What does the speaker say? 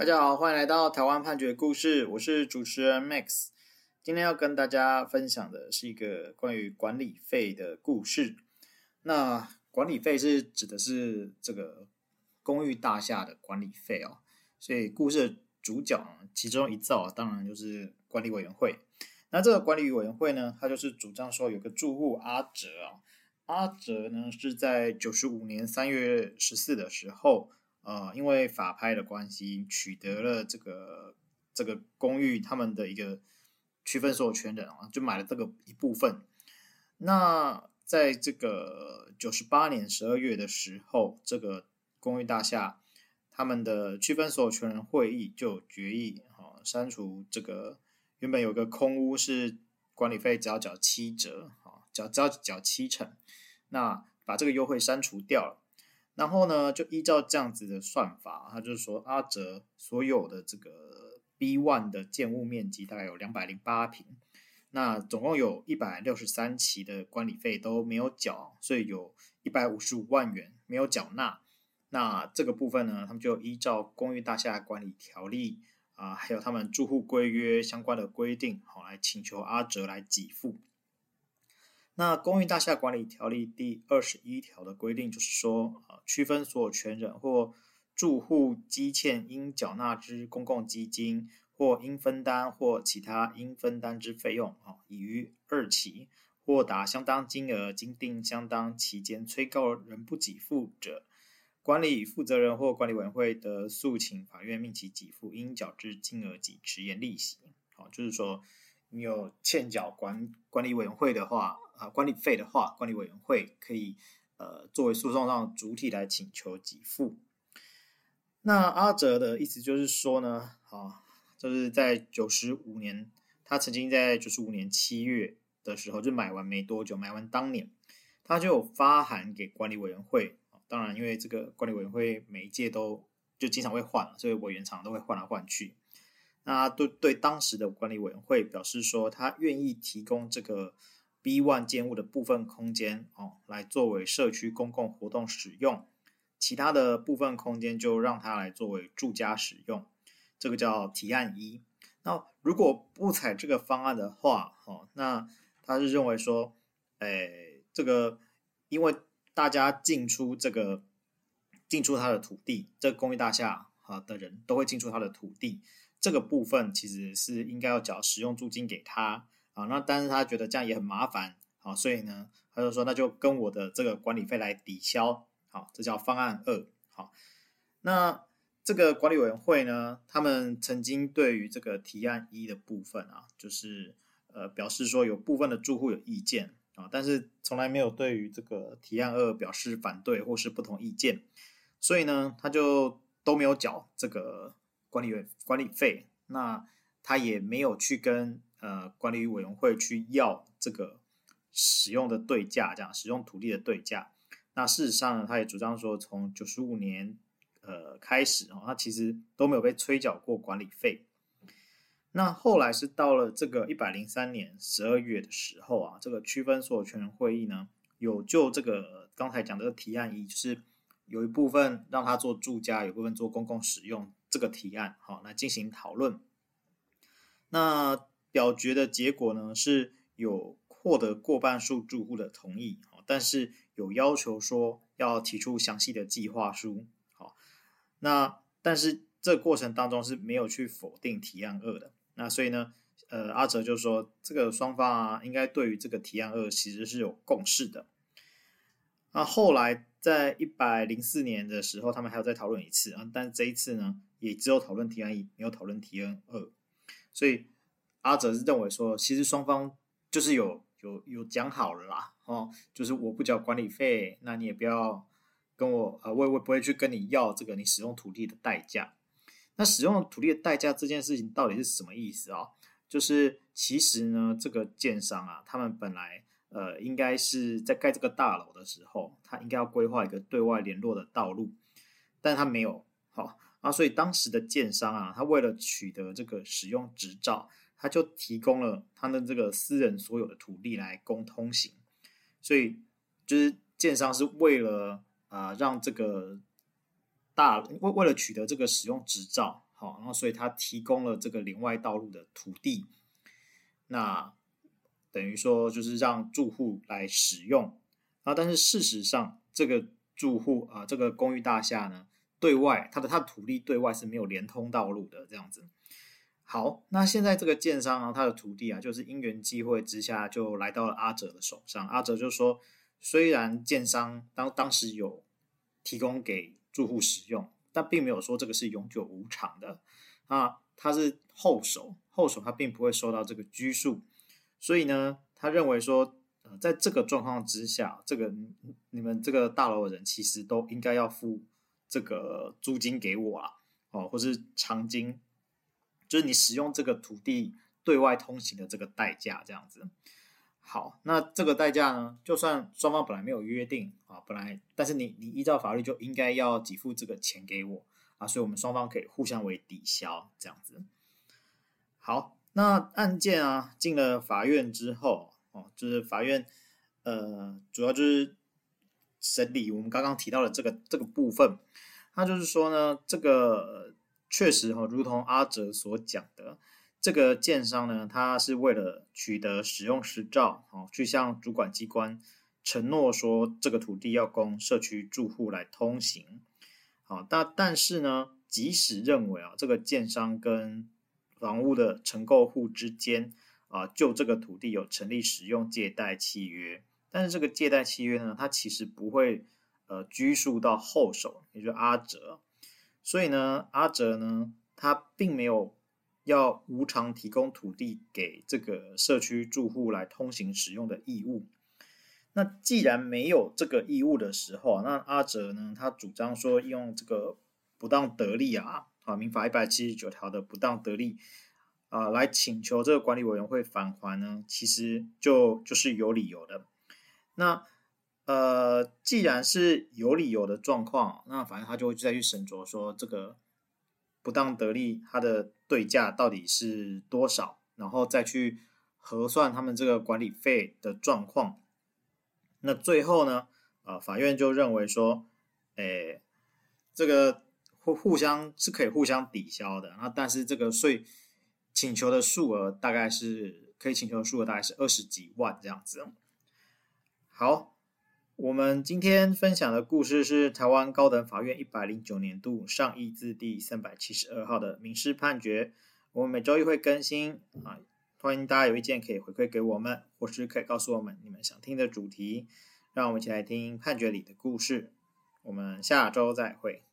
大家好，歡迎來到台灣判決故事，我是主持人 Max。今天要跟大家分享的是一個關於管理費的故事。那管理費是指的是這個公寓大廈的管理費哦，所以故事的主角其中一造當然就是管理委員會。那這個管理委員會呢，他就是主張說有個住戶阿哲啊，阿哲呢是在九十五年三月十四的時候。呃，因為法拍的關係，取得了這個這個公寓他們的一個區分所有權人啊，就買了這個一部分。那在這個九十八年十二月的時候，這個公寓大廈他們的區分所有權人會議就決議啊，刪除這個原本有個空屋是管理費只要繳七折啊，繳只要繳，繳七成，那把這個優惠刪除掉了。然後呢，就依照這樣子的算法，他就是說阿哲所有的這個 B one 的建物面積大概有兩百零八坪，那總共有一百六十三期的管理費都沒有繳，所以有一百五十五萬元沒有繳納。那這個部分呢，他們就依照公寓大廈管理條例啊，還有他們住戶規約相關的規定，好來請求阿哲來給付。那《公寓大廈管理條例》第二十一條的規定就是說，呃，區分所有權人或住戶積欠應繳納之公共基金或應分擔或其他應分擔之費用，啊，已於二期或達相當金額，經定相當期間催告仍不給付者，管理負責人或管理委員會得訴請法院命其給付應繳之金額及遲延利息。啊，就是說，你有欠繳管管理委員會的話。啊，管理費的話，管理委員會可以呃作為訴訟上主體來請求給付。那阿哲的意思就是說呢，啊、哦，就是在九十五年，他曾經在九十五年七月的時候就買完沒多久，買完當年，他就發函給管理委員會。哦、當然，因為這個管理委員會每一屆都就經常會換，所以委員長都會換來換去。那對對當時的管理委員會表示說，他願意提供這個。B1 建物的部分空間哦，來作為社區公共活動使用，其他的部分空間就讓它來作為住家使用，這個叫提案一。那如果不採這個方案的話，哦，那他是認為說，誒、欸，這個因為大家進出這個進出它的土地，這個、公寓大廈啊，的人都會進出它的土地，這個部分其實是應該要繳使用租金給他。啊，那但是他覺得這樣也很麻煩，啊，所以呢，他就說那就跟我的這個管理費來抵消，好，這叫方案二，好，那這個管理委員會呢，他們曾經對於這個提案一的部分啊，就是呃表示說有部分的住戶有意見啊，但是從來沒有對於這個提案二表示反對或是不同意見，所以呢，他就都沒有繳這個管理管理費，那他也沒有去跟。呃，管理委員會去要這個使用的對價，這樣使用土地的對價。那事實上呢，他也主張說，從九十五年呃開始哦，他其實都沒有被催繳過管理費。那後來是到了這個一百零三年十二月的時候啊，這個區分所有權人會議呢，有就這個剛才講的提案一，就是有一部分讓他做住家，有部分做公共使用這個提案，好，來進行討論。那。表決的結果呢，是有獲得過半數住戶的同意啊，但是有要求說要提出詳細的計劃書，好，那但是這過程當中是沒有去否定提案二的。那所以呢，呃，阿哲就說，這個雙方啊，應該對於這個提案二其實是有共識的。那後來在一百零四年的時候，他們還要再討論一次啊，但這一次呢，也只有討論提案一，沒有討論提案二，所以。阿、啊、哲是認為說，其實雙方就是有有有講好了啦，哦，就是我不繳管理費，那你也不要跟我，呃，我我也不會去跟你要這個你使用土地的代價。那使用土地的代價這件事情到底是什麼意思啊、哦？就是其實呢，這個建商啊，他們本來呃應該是在蓋這個大樓的時候，他應該要規劃一個對外聯絡的道路，但他沒有，好、哦、啊，所以當時的建商啊，他為了取得這個使用執照。他就提供了他的這個私人所有的土地來供通行，所以就是建商，是為了啊、呃、讓這個大為，為了取得這個使用執照，好，然後所以他提供了這個聯外道路的土地，那等於說就是讓住戶來使用啊，但是事實上這個住戶啊、呃、這個公寓大廈呢，對外它的它土地對外是沒有連通道路的這樣子。好，那現在這個建商呢、啊，他的土地啊，就是因緣際會之下，就來到了阿哲的手上。阿哲就說，雖然建商當當時有提供給住戶使用，但並沒有說這個是永久無償的。啊，他是後手，後手他並不會受到這個拘束，所以呢，他認為說，呃，在這個狀況之下，這個你們這個大樓的人其實都應該要付這個租金給我啊，哦，或是長金。就是你使用這個土地對外通行的這個代價，這樣子。好，那這個代價呢，就算雙方本來沒有約定啊，本來，但是你你依照法律就應該要給付這個錢給我啊，所以我們雙方可以互相為抵消，這樣子。好，那案件啊進了法院之後，哦，就是法院，呃，主要就是審理我們剛剛提到的這個這個部分，它就是說呢，這個。確實哈，如同阿哲所講的，這個建商呢，他是為了取得使用執照，去向主管機關承諾說這個土地要供社區住戶來通行，好，但但是呢，即使認為啊，這個建商跟房屋的承購戶之間啊，就這個土地有成立使用借貸契約，但是這個借貸契約呢，它其實不會呃拘束到後手，也就是阿哲。所以呢，阿哲呢，他並沒有要無償提供土地給這個社區住戶來通行使用的義務。那既然沒有這個義務的時候，那阿哲呢，他主張說用這個不當得利啊，啊，民法一百七十九條的不當得利啊，來請求這個管理委員會返還呢，其實就就是有理由的。那呃，既然是有理由的狀況，那反正他就會再去審酌說這個不當得利他的對價到底是多少，然後再去核算他們這個管理費的狀況。那最後呢，啊、呃，法院就認為說，哎，這個互互相是可以互相抵消的。那但是這個稅請求的數額大概是可以請求的數額大概是二十幾萬這樣子。好。我們今天分享的故事是台灣高等法院一百零九年度上易字第三百七十二號的民事判決。我們每周一會更新啊，歡迎大家有意見可以回饋給我們，或是可以告訴我們你們想聽的主題，讓我們一起來聽判決裡的故事。我們下周再會。